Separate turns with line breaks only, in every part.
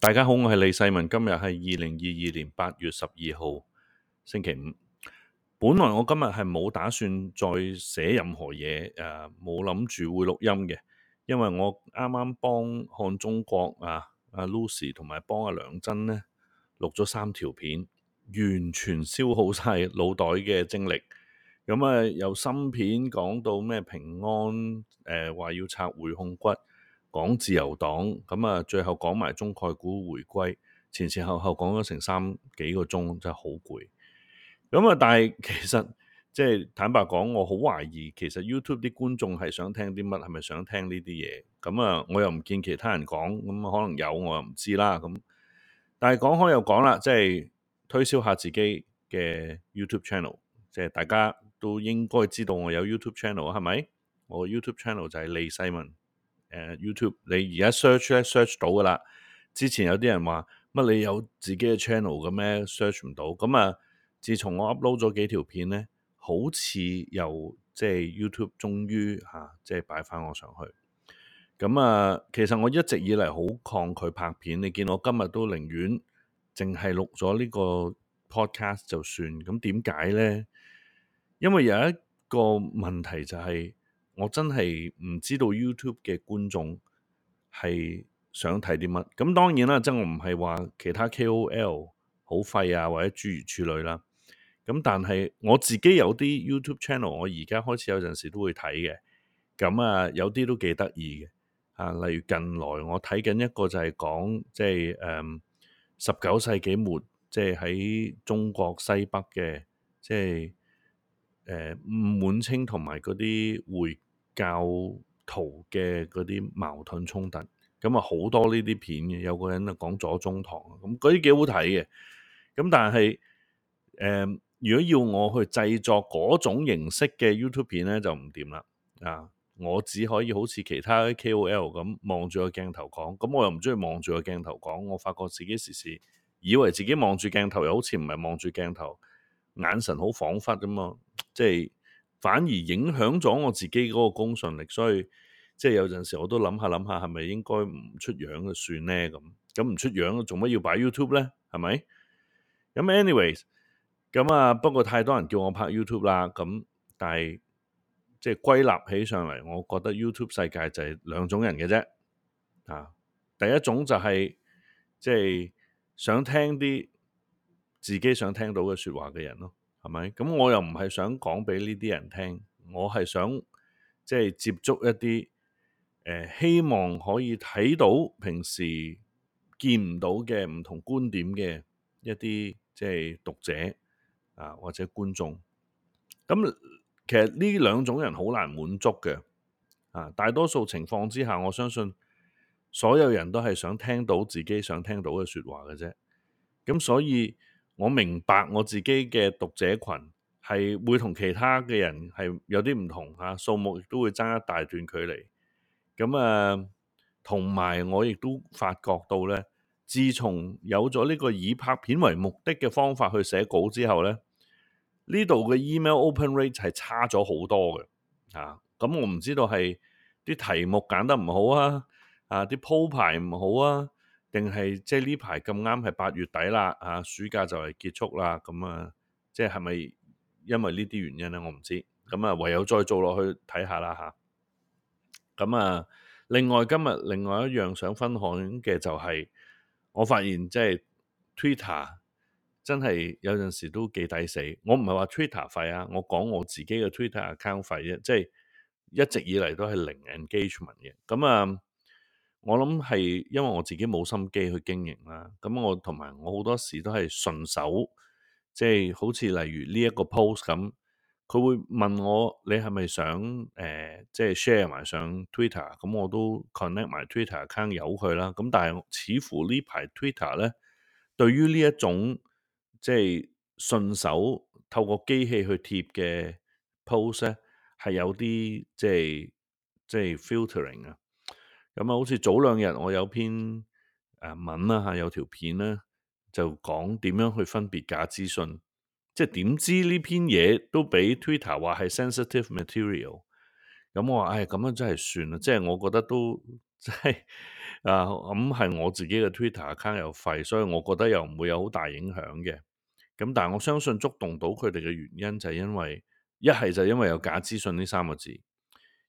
大家好，我係李世民。今日係二零二二年八月十二號星期五。本來我今日係冇打算再寫任何嘢，誒、呃，冇諗住會錄音嘅，因為我啱啱幫漢中國啊阿 Lucy 同埋幫阿、啊、梁真咧錄咗三條片，完全消耗晒腦袋嘅精力。咁、嗯、由新片講到咩平安，誒、呃，話要拆會控骨。講自由黨咁啊，最後講埋中概股回歸，前前後後講咗成三幾個鐘，真係好攰。咁啊，但係其實即係坦白講，我好懷疑其實 YouTube 啲觀眾係想聽啲乜，係咪想聽呢啲嘢？咁啊，我又唔見其他人講，咁可能有我又唔知啦。咁但係講開又講啦，即係推銷下自己嘅 YouTube channel，即係大家都應該知道我有 YouTube channel 係咪？我 YouTube channel 就係李世文。誒，YouTube 你而家 search 咧，search 到噶啦。之前有啲人話乜你有自己嘅 channel 嘅咩，search 唔到。咁啊，自從我 upload 咗幾條片咧，好似又即係 YouTube 終於吓，即係擺翻我上去。咁啊，其實我一直以嚟好抗拒拍片。你見我今日都寧願淨係錄咗呢個 podcast 就算。咁點解咧？因為有一個問題就係。我真係唔知道 YouTube 嘅觀眾係想睇啲乜，咁當然啦，真我唔係話其他 KOL 好廢啊，或者諸如此類啦、啊。咁但係我自己有啲 YouTube channel，我而家開始有陣時都會睇嘅。咁啊，有啲都幾得意嘅啊，例如近來我睇緊一個就係講即係誒十九世紀末，即係喺中國西北嘅，即係誒滿清同埋嗰啲回教徒嘅嗰啲矛盾衝突，咁啊好多呢啲片嘅，有個人啊講咗中堂咁嗰啲幾好睇嘅。咁、嗯、但係，誒、嗯，如果要我去製作嗰種形式嘅 YouTube 片咧，就唔掂啦。啊，我只可以好似其他啲 KOL 咁望住個鏡頭講，咁、嗯、我又唔中意望住個鏡頭講。我發覺自己時時以為自己望住鏡頭，又好似唔係望住鏡頭，眼神好恍惚咁嘛。即係。反而影響咗我自己嗰個公信力，所以即係有陣時我都諗下諗下，係咪應該唔出樣就算咧咁？咁唔出樣，做乜要擺 YouTube 咧？係咪？咁 anyways，咁啊不過太多人叫我拍 YouTube 啦，咁但係即係歸納起上嚟，我覺得 YouTube 世界就係兩種人嘅啫。啊，第一種就係即係想聽啲自己想聽到嘅説話嘅人咯。係咪？咁我又唔係想講俾呢啲人聽，我係想即係、就是、接觸一啲誒、呃，希望可以睇到平時見唔到嘅唔同觀點嘅一啲即係讀者啊或者觀眾。咁其實呢兩種人好難滿足嘅啊！大多數情況之下，我相信所有人都係想聽到自己想聽到嘅說話嘅啫。咁所以。我明白我自己嘅讀者群係會同其他嘅人係有啲唔同吓，數目亦都會差一大段距離。咁啊，同埋我亦都發覺到咧，自從有咗呢個以拍片為目的嘅方法去寫稿之後咧，呢度嘅 email open rate 係差咗好多嘅。啊，咁、嗯、我唔知道係啲題目揀得唔好啊，啊啲鋪排唔好啊。定係即係呢排咁啱係八月底啦，嚇暑假就係結束啦，咁啊，即係係咪因為呢啲原因咧？我唔知，咁啊唯有再做落去睇下啦，吓，咁啊，另外今日另外一樣想分享嘅就係、是，我發現即、就、係、是、Twitter 真係有陣時都幾抵死。我唔係話 Twitter 費啊，我講我自己嘅 Twitter account 費啫，即係一直以嚟都係零 engagement 嘅，咁啊。我諗係因為我自己冇心機去經營啦，咁我同埋我好多時都係順手，即係好似例如呢一個 post 咁，佢會問我你係咪想誒即係 share 埋上 Twitter，咁我都 connect 埋 Twitter account 由佢啦。咁但係似乎呢排 Twitter 咧，對於呢一種即係順手透過機器去貼嘅 post 咧，係有啲即係即係 filtering 啊。就是就是 fil 咁啊、嗯，好似早兩日我有篇誒、啊、文啦嚇、啊，有條片咧就講點樣去分別假資訊，即係點知呢篇嘢都畀 Twitter 話係 sensitive material、嗯。咁我話：唉，咁樣真係算啦，即係我覺得都即係啊，咁、嗯、係我自己嘅 Twitter account 又廢，所以我覺得又唔會有好大影響嘅。咁、嗯、但係我相信觸動到佢哋嘅原因就係因為一係就因為有假資訊呢三個字，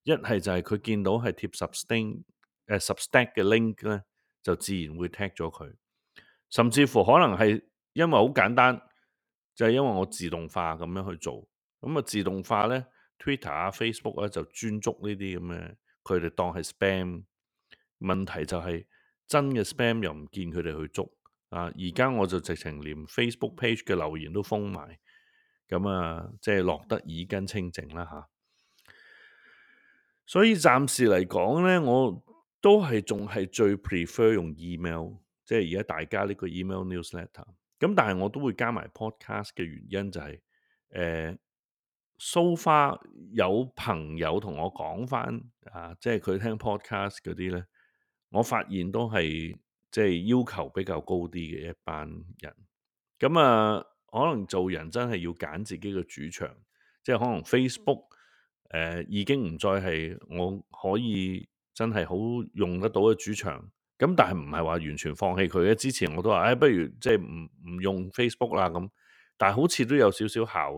一係就係佢見到係貼 substance 誒 substack 嘅 link 咧，就自然會踢咗佢。甚至乎可能係因為好簡單，就係、是、因為我自動化咁樣去做咁啊。那自動化呢 Twitter 啊、Facebook 咧、啊、就專捉呢啲咁嘅，佢哋當係 spam。問題就係、是、真嘅 spam 又唔見佢哋去捉啊。而家我就直情連 Facebook page 嘅留言都封埋，咁啊，即、就、係、是、落得耳根清淨啦嚇。所以暫時嚟講呢，我。都係仲係最 prefer 用 email，即係而家大家呢個 email newsletter。咁但係我都會加埋 podcast 嘅原因就係、是，誒、呃，so far 有朋友同我講返啊，即係佢聽 podcast 嗰啲咧，我發現都係即係要求比較高啲嘅一班人。咁啊，可能做人真係要揀自己嘅主場，即係可能 Facebook 誒、啊、已經唔再係我可以。真係好用得到嘅主場，咁但係唔係話完全放棄佢嘅。之前我都話，誒、哎，不如即係唔唔用 Facebook 啦咁，但係好似都有少少效，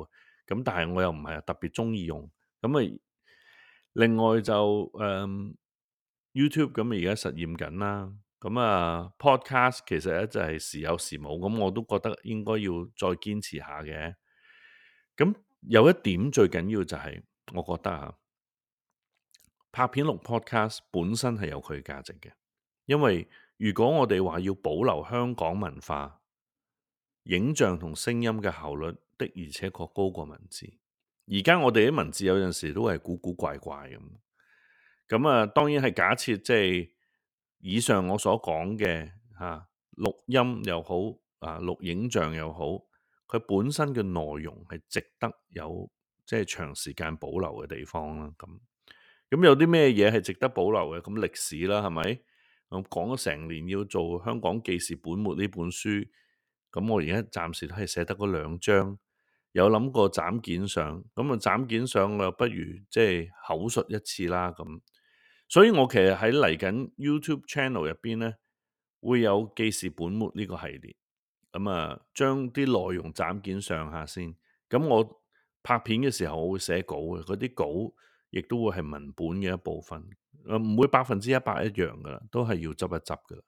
咁但係我又唔係特別中意用，咁啊。另外就誒、嗯、YouTube 咁啊,而家實驗緊啦,咁啊 Podcast 其實咧就係、是、時有時冇，咁我都覺得應該要再堅持下嘅。咁有一點最緊要就係、是，我覺得啊。拍片錄 podcast 本身係有佢嘅價值嘅，因為如果我哋話要保留香港文化，影像同聲音嘅效率的而且確高過文字。而家我哋啲文字有陣時都係古古怪怪咁。咁啊，當然係假設即係以上我所講嘅吓，錄音又好啊，錄影像又好，佢本身嘅內容係值得有即係長時間保留嘅地方啦。咁有啲咩嘢係值得保留嘅？咁歷史啦，係咪？咁講咗成年要做《香港記事本末》呢本書，咁我而家暫時都係寫得嗰兩章，有諗過斬件上，咁啊斬件上，我不如即係口述一次啦。咁，所以我其實喺嚟緊 YouTube Channel 入邊咧，會有《記事本末》呢個系列，咁啊將啲內容斬件上下先。咁我拍片嘅時候我會寫稿嘅，嗰啲稿。亦都會係文本嘅一部分，唔會百分之一百一樣噶啦，都係要執一執噶啦。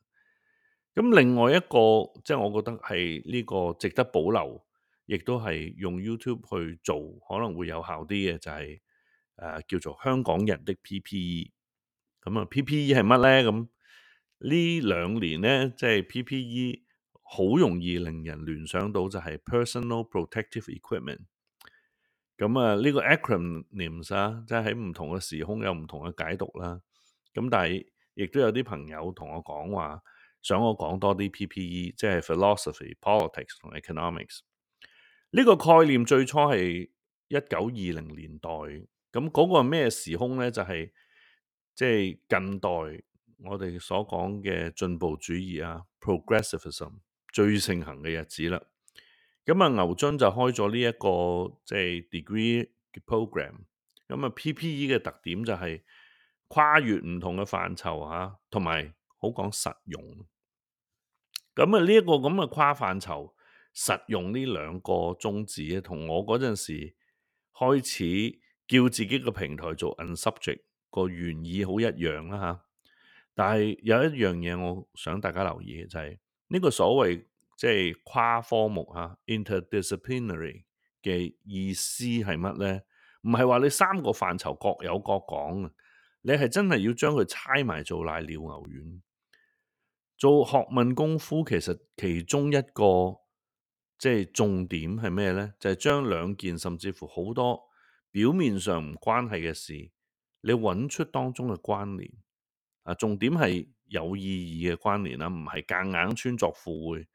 咁另外一個即係、就是、我覺得係呢個值得保留，亦都係用 YouTube 去做可能會有效啲嘅，就係、是、誒、呃、叫做香港人的 PPE。咁啊 PPE 係乜咧？咁呢兩年咧，即、就、係、是、PPE 好容易令人聯想到就係 Personal Protective Equipment。咁啊，呢個 acronym 啊，即係喺唔同嘅時空有唔同嘅解讀啦。咁但係亦都有啲朋友同我講話，想我講多啲 PPE，即係 philosophy、politics 同 economics。呢個概念最初係一九二零年代。咁嗰個咩時空咧？就係即係近代我哋所講嘅進步主義啊，progressivism 最盛行嘅日子啦。咁啊，牛津就開咗呢一個即係 degree program。咁啊，PPE 嘅特點就係跨越唔同嘅範疇啊，同埋好講實用。咁啊，呢一個咁嘅跨範疇、實用呢兩個宗旨啊，同我嗰陣時開始叫自己個平台做 unsubject 個原意好一樣啦吓。但係有一樣嘢我想大家留意嘅就係、是、呢個所謂。即係跨科目啊，interdisciplinary 嘅意思係乜咧？唔係話你三個範疇各有各講啊！你係真係要將佢猜埋做瀨尿牛丸。做學問功夫其實其中一個即係重點係咩咧？就係將兩件甚至乎好多表面上唔關係嘅事，你揾出當中嘅關聯啊！重點係有意義嘅關聯啦，唔係夾硬穿鑿附會。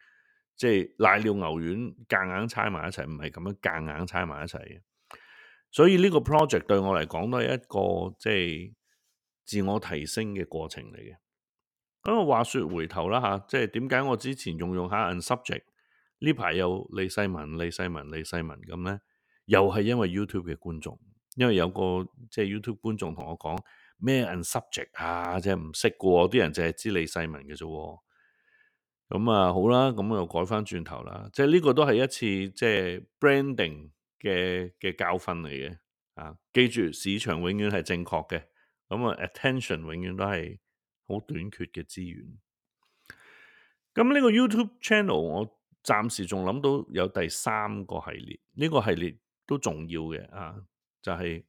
即係瀨尿牛丸夾硬猜埋一齊，唔係咁樣夾硬猜埋一齊。所以呢個 project 對我嚟講都係一個即係自我提升嘅過程嚟嘅。咁啊，話說回頭啦吓，即係點解我之前用用下 unsubject 呢排有李世民、李世民、李世民咁咧？又係因為 YouTube 嘅觀眾，因為有個即係 YouTube 觀眾同我講咩 unsubject 啊，即係唔識嘅，啲人淨係知李世民嘅啫。咁啊、嗯，好啦，咁、嗯、又、嗯、改翻轉頭啦，即係呢個都係一次即係 branding 嘅嘅教訓嚟嘅啊！記住市場永遠係正確嘅，咁、嗯、啊 attention 永遠都係好短缺嘅資源。咁、嗯、呢、這個 YouTube channel 我暫時仲諗到有第三個系列，呢、這個系列都重要嘅啊，就係、是、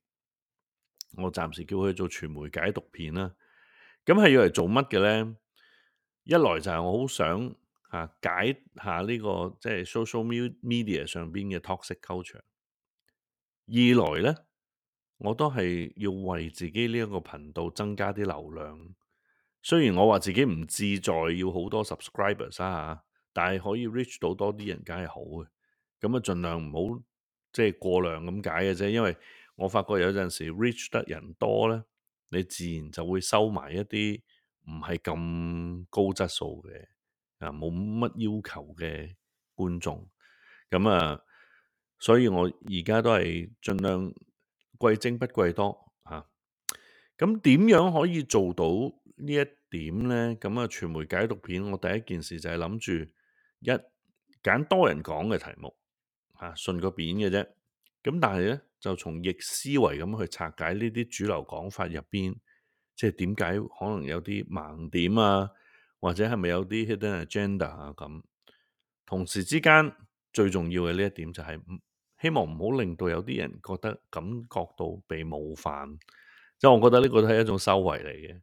我暫時叫佢做傳媒解讀片啦。咁係要嚟做乜嘅咧？一來就係我好想吓解下呢、這個即係 social media 上邊嘅 toxic culture。二來呢，我都係要為自己呢一個頻道增加啲流量。雖然我話自己唔自在要好多 subscribers 啊，但係可以 reach 到多啲人梗係好嘅。咁啊，盡量唔好即係過量咁解嘅啫。因為我發覺有陣時 reach 得人多呢，你自然就會收埋一啲。唔係咁高質素嘅啊，冇乜要求嘅觀眾，咁啊，所以我而家都係盡量貴精不貴多吓。咁啊，點樣可以做到呢一點咧？咁啊，傳媒解讀片，我第一件事就係諗住一揀多人講嘅題目吓，順個便嘅啫。咁啊，但係咧，就從逆思維咁去拆解呢啲主流講法入邊。即係點解可能有啲盲點啊，或者係咪有啲 hidden agenda 啊咁？同時之間最重要嘅呢一點就係、是、希望唔好令到有啲人覺得感覺到被冒犯。即係我覺得呢個都係一種修為嚟嘅。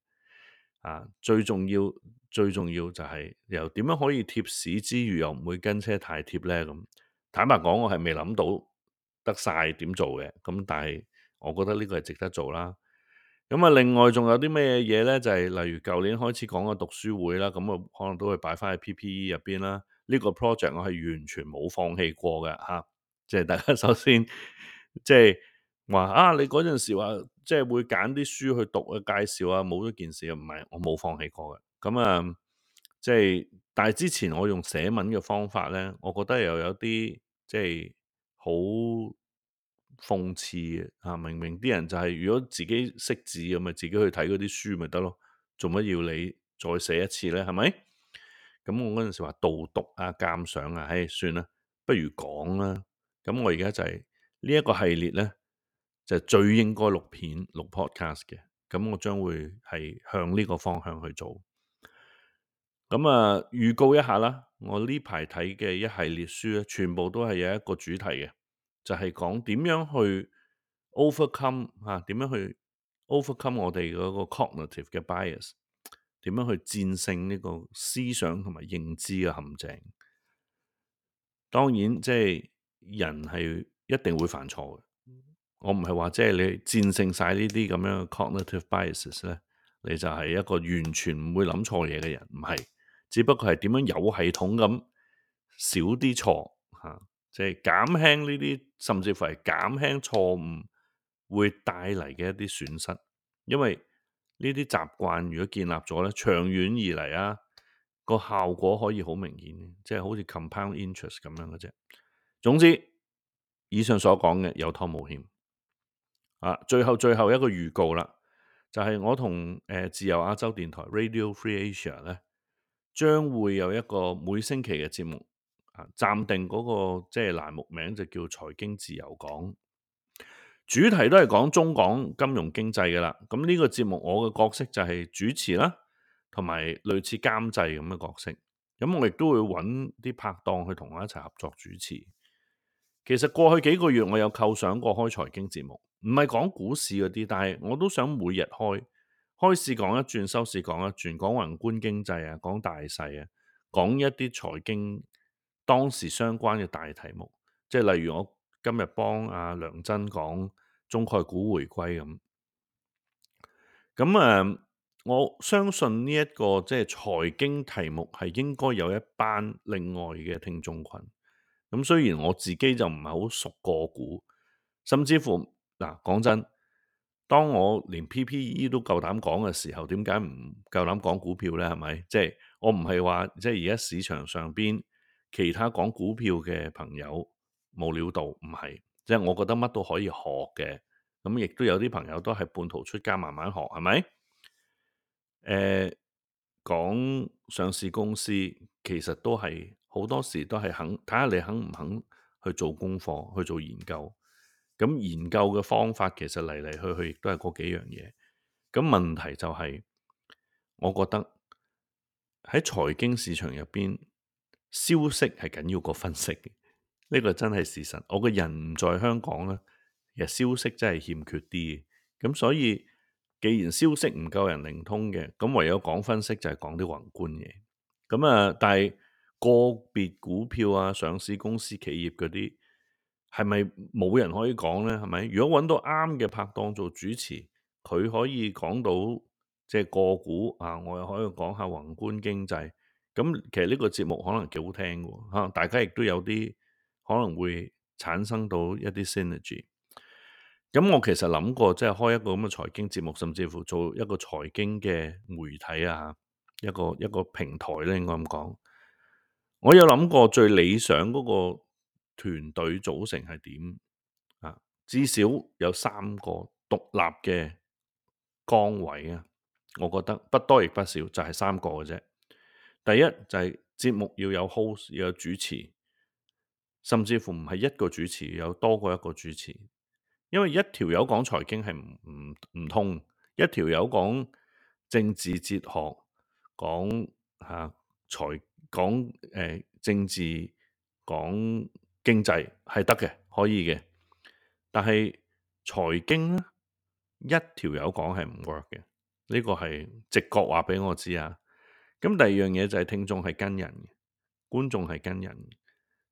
啊，最重要最重要就係又點樣可以貼士之餘又唔會跟車太貼咧咁。坦白講，我係未諗到得晒點做嘅。咁但係我覺得呢個係值得做啦。咁啊，另外仲有啲咩嘢嘢咧？就係、是、例如舊年開始講嘅讀書會啦，咁啊，可能都會擺翻喺 PPE 入邊啦。呢、這個 project 我係完全冇放棄過嘅吓，即、啊、係、就是、大家首先即係話啊，你嗰陣時話即係會揀啲書去讀啊，介紹啊，冇咗件事啊，唔係我冇放棄過嘅。咁啊，即係但係之前我用寫文嘅方法咧，我覺得又有啲即係好。就是諷刺啊，明明啲人就係、是、如果自己識字咁，咪自己去睇嗰啲書咪得咯，做乜要你再寫一次咧？係咪？咁我嗰陣時話導讀啊、鑒賞啊，唉，算啦，不如講啦。咁我而家就係呢一個系列咧，就係、最應該錄片、錄 podcast 嘅。咁我將會係向呢個方向去做。咁啊，預告一下啦，我呢排睇嘅一系列書咧，全部都係有一個主題嘅。就係講點樣去 overcome 嚇、啊，點樣去 overcome 我哋嗰個 cognitive 嘅 bias，點樣去戰勝呢個思想同埋認知嘅陷阱。當然，即係人係一定會犯錯嘅。我唔係話即係你戰勝晒呢啲咁樣嘅 cognitive biases 咧，你就係一個完全唔會諗錯嘢嘅人，唔係。只不過係點樣有系統咁少啲錯。即係減輕呢啲，甚至乎係減輕錯誤會帶嚟嘅一啲損失，因為呢啲習慣如果建立咗咧，長遠以嚟啊個效果可以明顯，就是，好明顯，即係好似 compound interest 咁樣嘅啫。總之，以上所講嘅有拖冇欠啊，最後最後一個預告啦，就係、是、我同誒自由亞洲電台 Radio Free Asia 咧，將會有一個每星期嘅節目。暫定嗰、嗰個即係欄目名就叫財經自由講，主題都係講中港金融經濟嘅啦。咁呢個節目我嘅角色就係主持啦，同埋類似監製咁嘅角色。咁我亦都會揾啲拍檔去同我一齊合作主持。其實過去幾個月我有構想過開財經節目，唔係講股市嗰啲，但係我都想每日開開市講一轉，收市講一轉，講宏觀經濟啊，講大勢啊，講一啲財經。當時相關嘅大題目，即係例如我今日幫阿梁真講中概股回歸咁。咁誒，我相信呢一個即係財經題目係應該有一班另外嘅聽眾群。咁雖然我自己就唔係好熟個股，甚至乎嗱講真，當我連 PPE 都夠膽講嘅時候，點解唔夠膽講股票咧？係咪？即係我唔係話即係而家市場上邊。其他講股票嘅朋友冇料到？唔係，即係、就是、我覺得乜都可以學嘅，咁亦都有啲朋友都係半途出家慢慢學，係咪？誒、欸，講上市公司其實都係好多時都係肯睇下你肯唔肯去做功課去做研究，咁研究嘅方法其實嚟嚟去去都係嗰幾樣嘢，咁問題就係、是、我覺得喺財經市場入邊。消息係緊要過分析嘅，呢個真係事實。我個人唔在香港咧，其實消息真係欠缺啲。咁所以，既然消息唔夠人靈通嘅，咁唯有講分析就係講啲宏觀嘢。咁啊，但係個別股票啊、上市公司企業嗰啲，係咪冇人可以講咧？係咪？如果揾到啱嘅拍檔做主持，佢可以講到即係個股啊，我又可以講下宏觀經濟。咁其實呢個節目可能幾好聽嘅吓，大家亦都有啲可能會產生到一啲 synergy。咁我其實諗過，即係開一個咁嘅財經節目，甚至乎做一個財經嘅媒體啊，一個一個平台咧，應該咁講。我有諗過最理想嗰個團隊組成係點啊？至少有三個獨立嘅崗位啊，我覺得不多亦不少，就係三個嘅啫。第一就係、是、節目要有 host 要有主持，甚至乎唔係一個主持，有多過一個主持，因為一條友講財經係唔唔唔通，一條友講政治哲學講吓、啊、財講誒、呃、政治講經濟係得嘅可以嘅，但係財經一條友講係唔 work 嘅，呢、這個係直覺話俾我知啊。咁第二樣嘢就係聽眾係跟人嘅，觀眾係跟人嘅，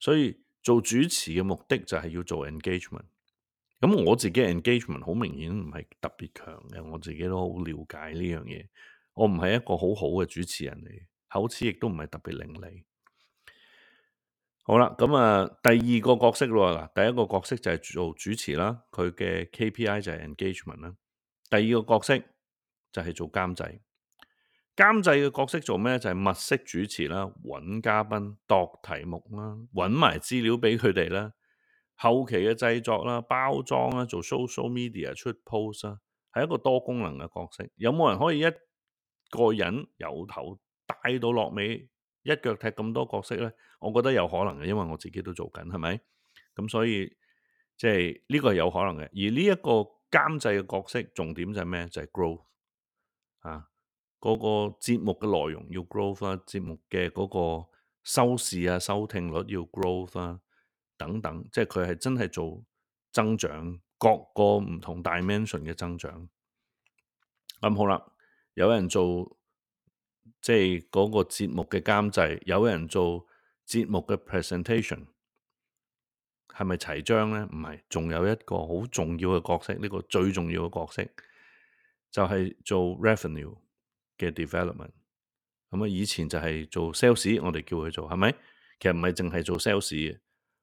所以做主持嘅目的就係要做 engagement。咁我自己 engagement 好明顯唔係特別強嘅，我自己都好了解呢樣嘢。我唔係一個好好嘅主持人嚟，口齒亦都唔係特別伶俐。好啦，咁啊第二個角色咯，嗱，第一個角色就係做主持啦，佢嘅 KPI 就係 engagement 啦。第二個角色就係做監製。監製嘅角色做咩？就係、是、物色主持啦，揾嘉賓、度題目啦，揾埋資料俾佢哋啦，後期嘅製作啦、包裝啦、做 social media 出 post 啦，係一個多功能嘅角色。有冇人可以一個人由頭帶到落尾，一腳踢咁多角色呢？我覺得有可能嘅，因為我自己都做緊，係咪？咁所以即係呢個係有可能嘅。而呢一個監製嘅角色重點就係咩？就係、是、grow 啊！嗰個節目嘅內容要 growth 啊，節目嘅嗰個收視啊、收聽率要 growth 啊等等，即係佢係真係做增長各個唔同 dimension 嘅增長。咁、嗯、好啦，有人做即係嗰個節目嘅監製，有人做節目嘅 presentation，係咪齊章咧？唔係，仲有一個好重要嘅角色，呢、這個最重要嘅角色就係、是、做 revenue。嘅 development，咁啊，以前就係做 sales，我哋叫佢做，係咪？其實唔係淨係做 sales 嘅，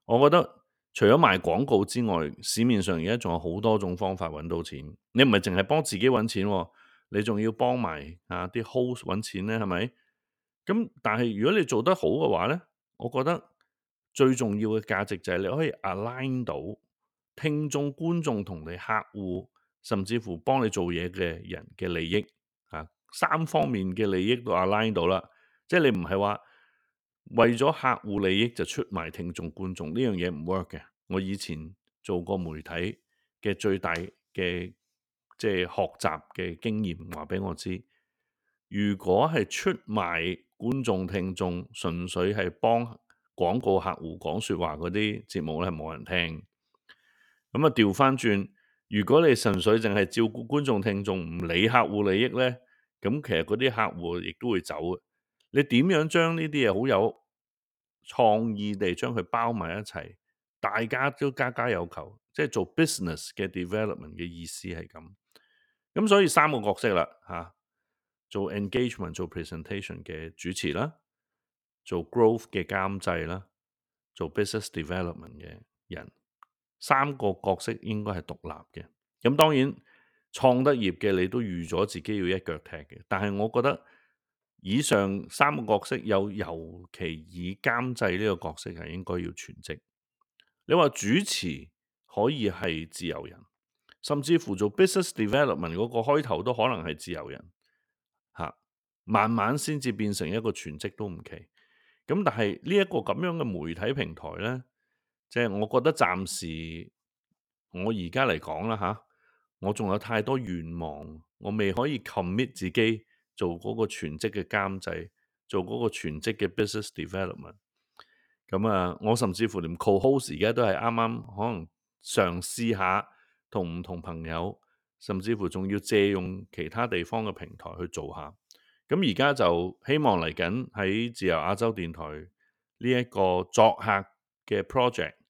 我覺得除咗賣廣告之外，市面上而家仲有好多種方法搵到錢。你唔係淨係幫自己搵錢喎，你仲要幫埋啊啲 host 搵錢咧，係咪？咁但係如果你做得好嘅話咧，我覺得最重要嘅價值就係你可以 align 到聽眾、觀眾同你客戶，甚至乎幫你做嘢嘅人嘅利益。三方面嘅利益都 align 到啦，即係你唔係話為咗客戶利益就出賣聽眾觀眾呢樣嘢唔 work 嘅。我以前做過媒體嘅最大嘅即係學習嘅經驗，話畀我知，如果係出賣觀眾聽眾，純粹係幫廣告客戶講說話嗰啲節目咧，冇人聽。咁啊，調翻轉，如果你純粹淨係照顧觀眾聽眾，唔理客戶利益咧。咁其實嗰啲客戶亦都會走嘅。你點樣將呢啲嘢，好有創意地將佢包埋一齊？大家都家家有求，即係做 business 嘅 development 嘅意思係咁。咁所以三個角色啦，吓，做 engagement、做，eng 做 presentation 嘅主持啦，做 growth 嘅監製啦，做 business development 嘅人，三個角色應該係獨立嘅。咁當然。創得業嘅你都預咗自己要一腳踢嘅，但係我覺得以上三個角色有，尤其以監製呢個角色係應該要全職。你話主持可以係自由人，甚至乎做 business development 嗰個開頭都可能係自由人，吓，慢慢先至變成一個全職都唔奇。咁但係呢一個咁樣嘅媒體平台呢，即係我覺得暫時我而家嚟講啦吓。我仲有太多願望，我未可以 commit 自己做嗰個全職嘅監製，做嗰個全職嘅 business development。咁啊，我甚至乎連 co-host 而家都係啱啱，可能嘗試下同唔同朋友，甚至乎仲要借用其他地方嘅平台去做一下。咁而家就希望嚟緊喺自由亞洲電台呢一個作客嘅 project。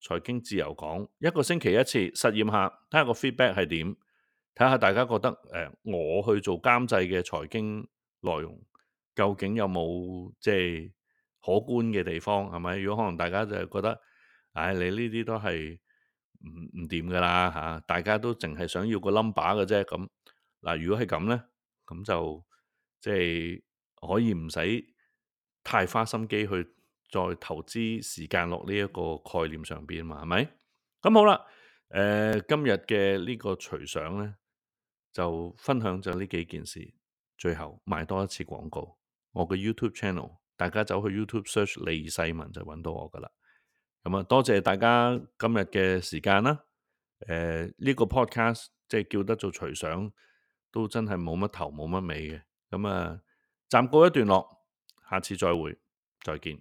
財經自由講一個星期一次，實驗下睇下個 feedback 係點，睇下大家覺得誒、呃，我去做監製嘅財經內容究竟有冇即係可觀嘅地方係咪？如果可能大家就係覺得，唉、哎，你呢啲都係唔唔掂噶啦吓，大家都淨係想要個 number 嘅啫。咁嗱、呃，如果係咁咧，咁就即係可以唔使太花心機去。再投資時間落呢一個概念上邊嘛，係咪？咁好啦，誒、呃、今日嘅呢個隨想咧，就分享咗呢幾件事。最後賣多一次廣告，我嘅 YouTube channel，大家走去 YouTube search 李世文就揾到我噶啦。咁啊，多謝大家今日嘅時間啦。誒、呃、呢、呢個 podcast 即係叫得做隨想，都真係冇乜頭冇乜尾嘅。咁啊，暫告一段落，下次再會，再見。